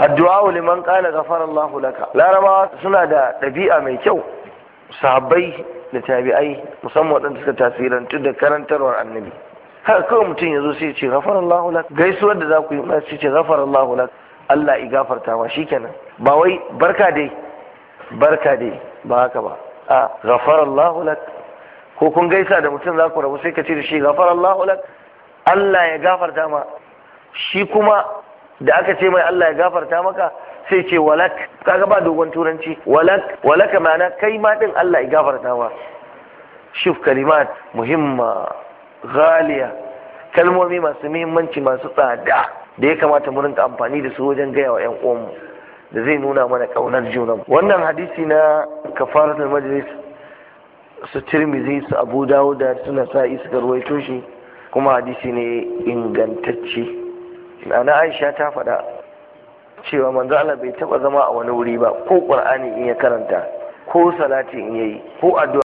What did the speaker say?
addu'a liman qala ghafara Allahu laka larabawa suna da ɗabi'a mai kyau sahabbai da tabi'ai musamman waɗanda suka tun da karantarwar annabi haka kawai mutum ya zo sai ce ghafara Allahu laka gaisuwar da za ku yi sai ce ghafara Allahu laka Allah i gafarta ma shikenan ba wai barka dai barka dai ba haka ba a ghafara Allahu laka ko kun gaisa da mutum za ku rabu sai ka ce da shi ghafara Allahu laka Allah ya gafarta ma shi kuma da aka ce mai Allah ya gafarta maka sai ce walak kaga ba dogon turanci walak walaka ma'ana kai ma din Allah ya gafarta ma shuf kalimat muhimma ghaliya kalmomi masu muhimmanci masu tsada da ya kamata mu rinka amfani da su wajen gaya wa 'yan uwanmu da zai nuna mana kaunar juna wannan hadisi na kafaratul majlis su tirmizi su abu dawuda suna sa'i suka garwaito shi kuma hadisi ne ingantacce na aisha ta faɗa cewa manzo Allah bai taɓa zama a wani wuri ba ko ƙur'ani in ya karanta ko salati in yayi ko addu'a